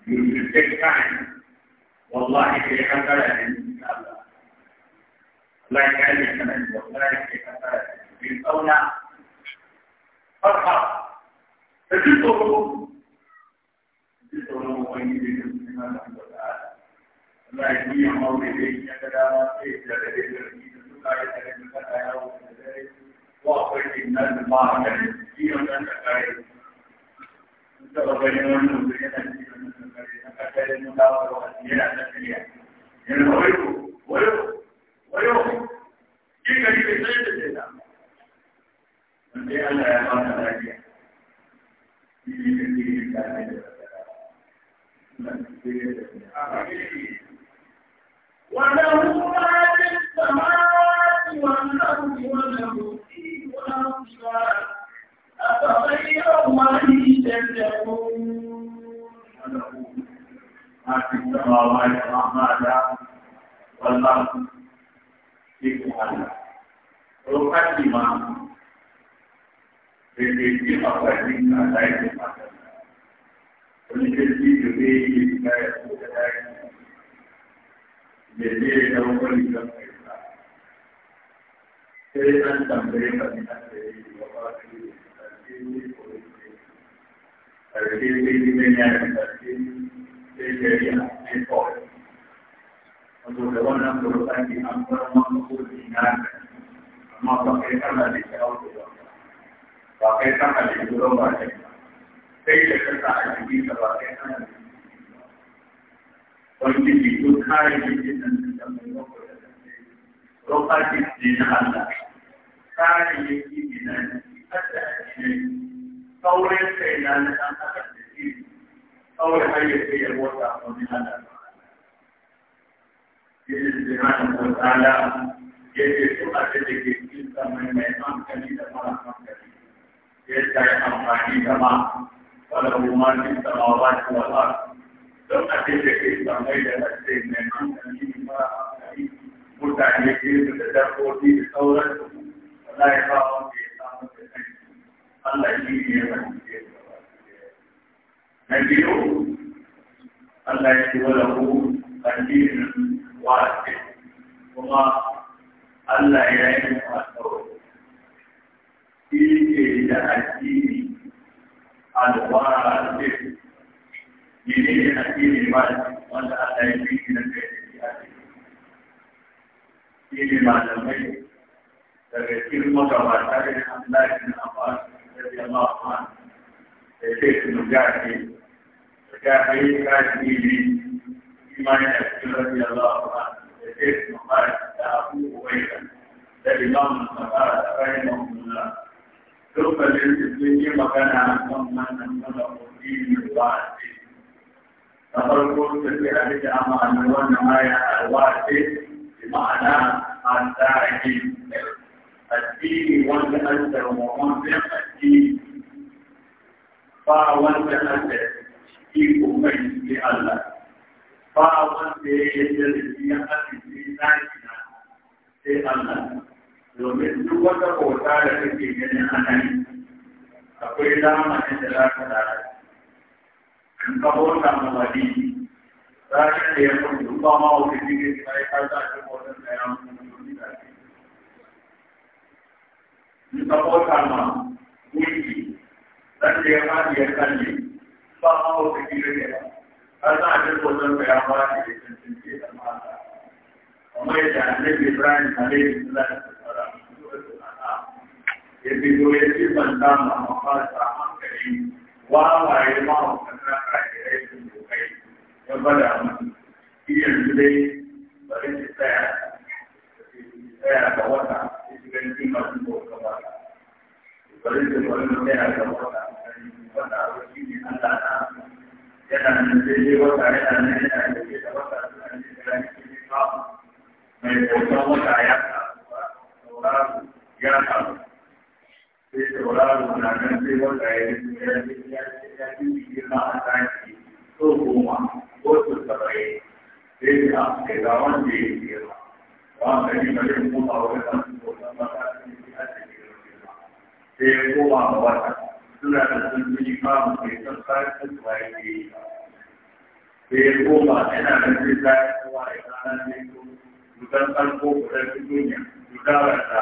you should take time wallahi kai kan kara ne Allah Allah ya yi kana wallahi kai kan kara ne bin kauna أربعة تجد الظلوم تجد الظلوم وإن يريد الإيمان الله تعالى لا يجميع مولده يتدارى فيه جلده الذي لا يتدارى فلا يرى وكذلك وأخرج الناس الله من في من الأخير انتظر بيننا المسلمين في من الأخير أكثر المداور وأسئلة تسلية ينهيه ويوم ويوم كيف يجب أن يجب sai Allah ما في السماوات والأرض وله في الأرض أفغير الله تتقون ما في السماوات والأرض في الأرض رقد Repetir uma pergunta da educação. Eu necessito de expressar o direito de ter a organização da educação. Ter a também a minha querida, a partir de Porque ele vem a educação, deveria ser forte. Quando eu não colocar aqui, a forma como coordinar, a nossa questão da educação, vacation का लिंगुरम वाकेशन है लेखन का आजीवी का वाकेशन और इनकी विद्युत का इनकी संस्कृत में को रोका की देना अल्लाह सारे ये की देना अच्छा है सौरे से जाने का करते और है ये से ये वो का ये जिहान को ताला ये जो अच्छे देखिए इसका मैं मैं काम करने का बड़ा काम करने yadda ya amfani da ma wanda kuma ne da ma shi da ba don a ce da ke samai da lasse mai hankali ne ba mutane ke su da dabbobi da sauran su wanda ya ba wanda ya samu da kai Allah shi ne ya wani ke na biyu Allah ya ce wala ku addinin wasu kuma Allah ya yi mu a tsawon shi da addini alwara ce ne ne da addini ba wanda Allah ya fi shi na kai da shi ne malamai daga cikin magabata da Allah ya fi amfani da ya ma'a da ce su mujahi mujahi kashi ne imani a cikin rabi Allah da ce su mujahi da abubuwa da limanin masara da lokacin da suke magana a kan wannan mana kuɗi ne ba a ce. Na farko da ke a rike a wannan aya alwa ce, bi ma'ana a a Addini wanda an sarwa wanda a ba wanda an da shi ko kai Allah. Ba wanda ya yi da ya asibiti sai Allah. domin duk wata bauta da kake ganin ana yi akwai zamanin da za ka tsara in ka bauta ma wani rashin da ya fi duba ma wata jirgin sai ka sa shi bautan da ya in ka bauta ma wiki dan da ya fadi ya kalli ba ma wata jirgin ya ka sa shi bautan da ya fadi ya cancanci da mata kamar yadda annabi ibrahim alaihi salatu ya fito ya ce ban a wawaye ma wa kasa kakirai sun dokai ya bada musu shi ne yana wata yana mai sai tauraro na ya yi a tashi ba zai koma wani a cikin suna da kare ya yi ba yana da zai zai kowa ya kana ne ko dukan farko kudan duniya dukan rasa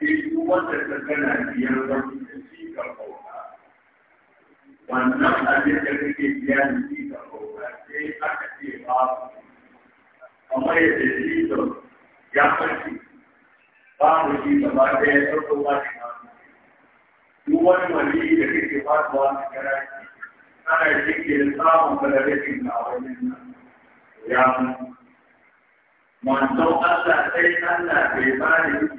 wanda ta gana biyar wani da shi ka bauta. Wannan abin da kake biya da shi ka bauta sai aka ce ba kamar yadda shi da ya fashi babu shi gaba ɗaya ya ɗauko ba shi ba. Duk wani wani da kake fasuwa a gara shi ana ke samun kalarakin na wajen nan. Ya mu. Manzon Allah sai Allah bai ba da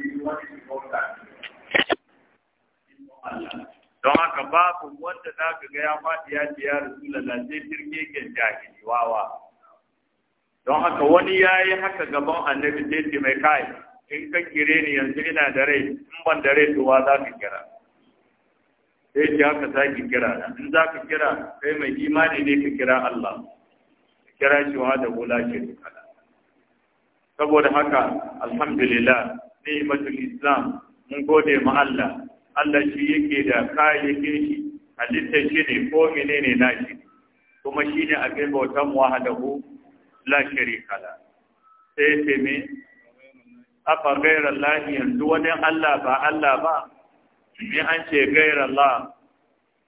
don haka babu wanda za ka ga ya faɗi ya ce ya rasulullah lalace jirgin ke jahili wawa don haka wani ya yi haka gaban annabi sai ce mai kai in ka kire ni yanzu ina da rai in ban da rai towa za ka kira sai ce haka za ki kira in za ka kira kai mai imani ne ka kira Allah ka kira shi wa da wula ke kala saboda haka alhamdulillah ni'matul islam mun gode ma Allah Allah shi yake da kayayyakin shi halittar shi ne ko menene shi? kuma shi ne abin bautan wahadahu la sharika la sai ce me afa gairar lahi yanzu wani Allah ba Allah ba in an ce gairar la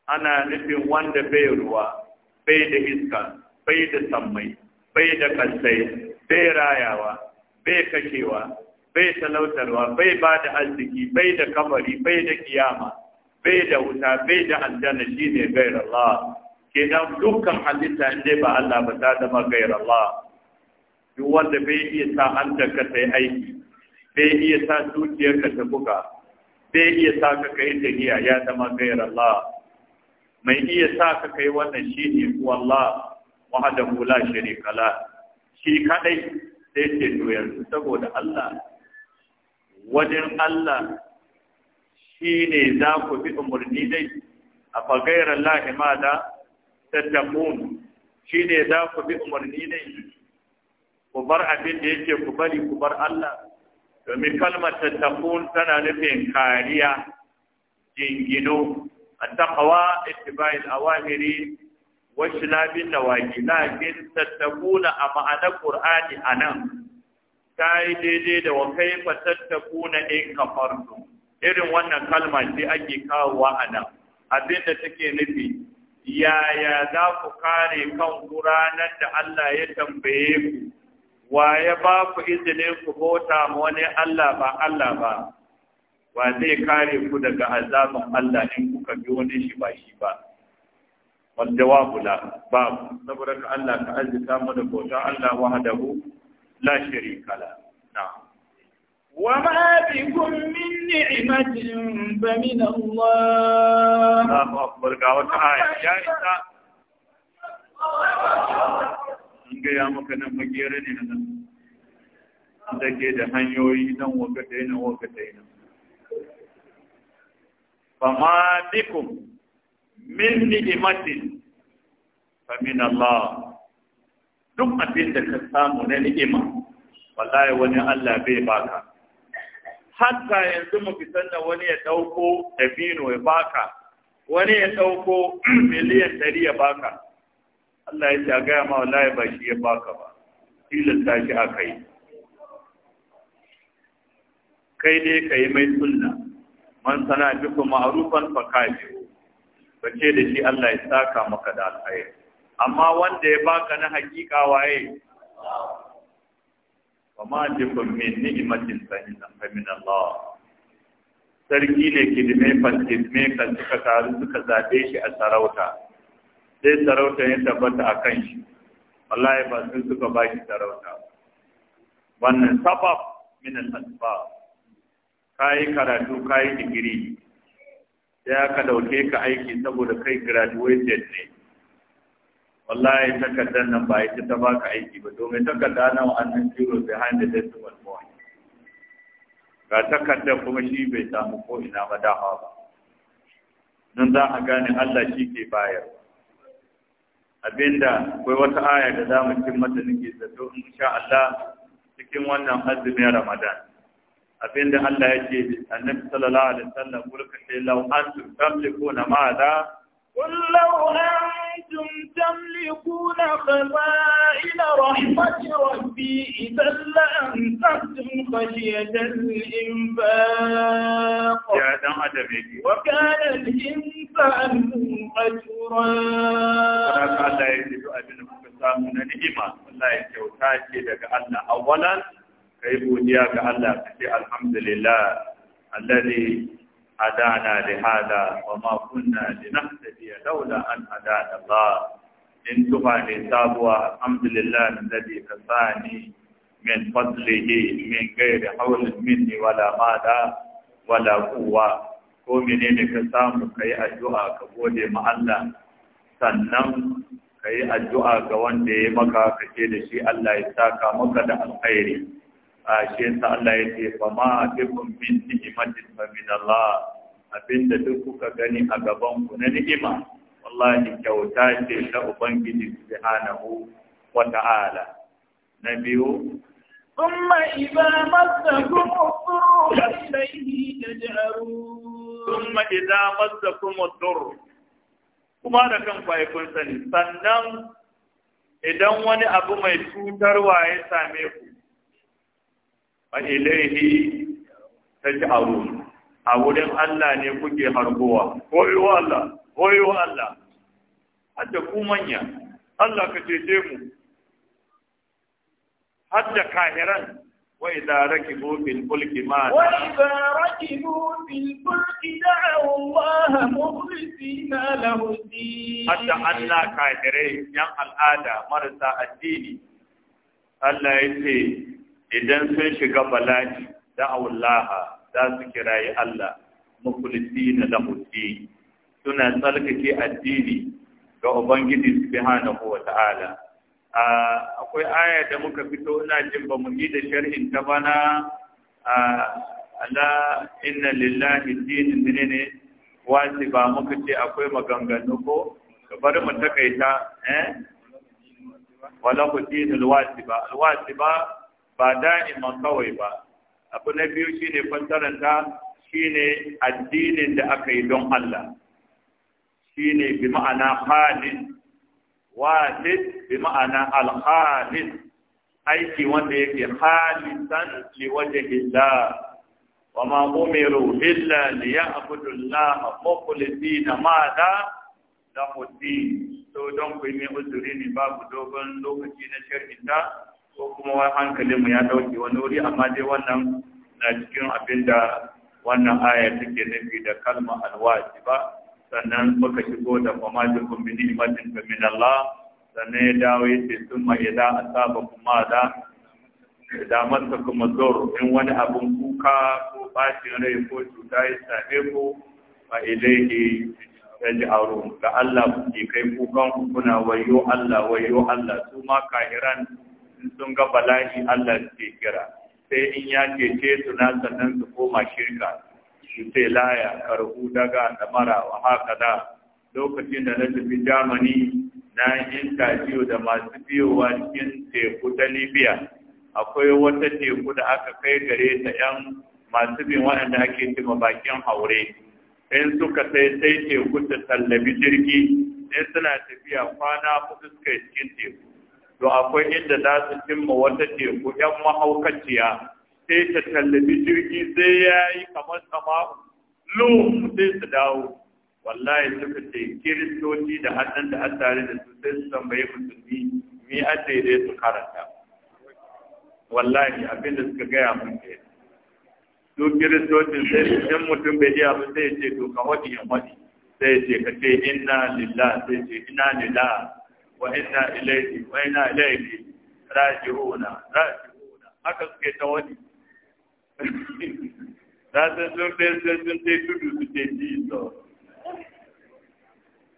ana nufin wanda bai ruwa bai da iska bai da sammai bai da kansai bai rayawa bai kashewa bai talautarwa bai ba da arziki bai da kamari bai da kiyama bai da wuta bai da aljanna ne, gairar Allah nan dukkan halitta in dai ba Allah ba ta zama gairar Allah duk wanda bai iya sa hantarka ta yi aiki bai iya sa zuciyarka ta buga bai iya sa ka kai tahiya ya zama gairar Allah mai iya sa ka kai wannan shi ne, wallah wahadahu la sharika la shi kadai sai ce to yanzu saboda Allah wajen Allah shi ne za ku bi umarni dai a fagairar lahima da tattakun shi ne za ku bi umarni dai ku bar abin da yake ku bari ku bar Allah domin kalmar tattakun tana nufin kariya jingino a takawa ittibayin awamiri wasu labin da waki lakin tattakuna a ma'anar ƙur'ani a nan ta yi daidai da wa kai fatattaku na in kafartu irin wannan kalma ce ake kawowa a nan abin da take nufi yaya za ku kare kan ranar da Allah ya tambaye ku wa ya ba ku izinin ku bauta ma wani Allah ba Allah ba wa zai kare ku daga azabin Allah in kuka bi wani shi ba shi ba wanda wa kula ba saboda Allah ka azzika mu da bauta Allah wahdahu لا شريك له نعم وما بكم من نعمة فمن الله الله أكبر قاوة آية يا إساء an gaya maka nan magera na nan da da hanyoyi nan waka daina waka daina fama bikum min ni'imatin fa min duk abin da ka samu na ni'ima wallahi wani Allah bai baka hatta yanzu mu fi da wani ya dauko dabino ya baka wani ya dauko miliyan dari ya baka Allah ya ce a gaya ma wallahi ba shi ya baka ba tilasta shi aka yi kai dai ka yi mai sunna man sana ku ma'rufan fa kafi bace da shi Allah ya saka maka da alkhairi amma wanda ya baka na hakika waye kuma jibin min ni'imatin sahihan fa min Allah sarki ne kidime fankidime ka suka taru suka zabe shi a sarauta sai sarauta ya tabbata a kan shi wallahi ba sun suka ba shi sarauta wannan sabab min al asba kai karatu kai digiri sai aka dauke ka aiki saboda kai graduated ne wallahi takardar nan ba ita ta baka aiki ba domin takarda na annan zero behind the decimal point ga takardar kuma shi bai samu ko ina ba da ba nan za a gane Allah shi ke bayar abinda akwai wata aya da za mu cin mata nake zato in sha Allah cikin wannan azumin Ramadan abinda Allah yake annabi sallallahu alaihi wasallam kulka sai lau antum tamlikuna ma za قل لو أنتم تملكون خزائن رحمة ربي إذا لأنفقتم خشية الإنفاق na ni'ima Allah ya kyauta ce daga Allah awwalan kai godiya ga Allah alhamdulillah هدانا لهذا وما كنا لنهتدي لولا ان هدانا الله ان تفاني سابوا الحمد لله الذي كفاني من فضله من غير حول مني ولا مادا ولا قوة ko menene ka samu ka yi addu'a ka gode ma Allah sannan ka yi addu'a ga wanda ya maka kake da shi Allah ya saka maka da alkhairi a shi yasa Allah ya ce fa ma bikum min ni'matin fa min Allah abinda duk kuka gani a gaban ku na ni'ima wallahi kyauta ce ta ubangiji subhanahu wa ta'ala na biyu ثم إذا مسكم الضر فإليه تجأرون ثم إذا مسكم الضر kuma da kan kun sani sannan idan wani abu mai cutarwa ya same ku fa ilaihi taj'arun a wurin Allah ne kuke harbowa koyo Allah koyo Allah hadda ku manya Allah ka cece mu hadda kahiran wa idza rakibu bil fulki ma wa idza rakibu bil fulki da'u Allah mukhlisina lahu din hadda Allah kahire yan al'ada marasa addini Allah yace idan sun shiga bala'i Allah za su kirayi Allah mukhlisina lahu din suna ke addini ga Ubangiji subhanahu wa ta'ala akwai aya da muka fito ina jin ba yi da sharhin ta bana ala inna lillahi dinin dinene wasi ba muka ce akwai maganganu ko ka bari mu takaita eh wala ku dinul wasi ba alwasi ba ba da'iman kawai ba abu na biyu shine fassaranta shine addinin da aka yi don Allah shine bi ma'ana khalid wasid bi ma'ana al aiki wanda yake khalisan li wajhi Allah wa ma umiru illa li ya'budu Allah mukhlisina ma da lahu din to don ku ne uzuri ne babu dogon lokaci na sharhi ko kuma mu ya dauke wani wuri amma dai wannan na cikin abin wannan aya take nufi da kalma alwajiba sannan muka shigo da famajin kumbi ni'imatin da min Allah sannan ya dawo ya ce sun ma idan asaba kuma da da masa kuma zor in wani abin kuka ko bashin rai ko cuta ya same ku fa ilaihi taj'arun ga Allah ku kai kukan ku kuna wayo Allah wayo Allah su ma kahiran in sun ga bala'i Allah ke kira sai in ya keke su na sannan su koma shirka su sai laya karhu daga da wa haka da lokacin da na tafi Germany na interview da masu biyowa cikin teku ta Libya akwai wata teku da aka kai gare ta yan masu bin waɗanda ake cima bakin haure in suka sai sai teku ta tallabi jirgi in suna tafiya kwana hudu suka cikin teku to akwai inda za su cimma wata teku ‘yan mahaukaciya sai ta tallabi jirgi sai ya yi kamar sama, lum sai su dawo wallahi suka ce kiristoci da hannun da an tare da su sai su tambaye musulmi mi an daidai su karanta wallahi abin da suka gaya mun ke su kiristocin sai su ɗan mutum bai iya ba sai ce to ka waɗi ya waɗi sai ce ka ce inna lillah sai ce inna lillah وإنا إليه وإنا إليه راجعون راجعون أكل كي تولي لازم تنتهي تنتهي تنتهي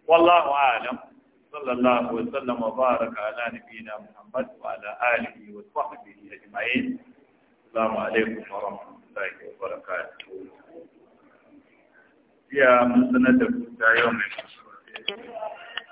والله أعلم صلى الله وسلم وبارك على نبينا محمد وعلى آله وصحبه أجمعين السلام عليكم ورحمة الله وبركاته يا من يا يوم المسلمين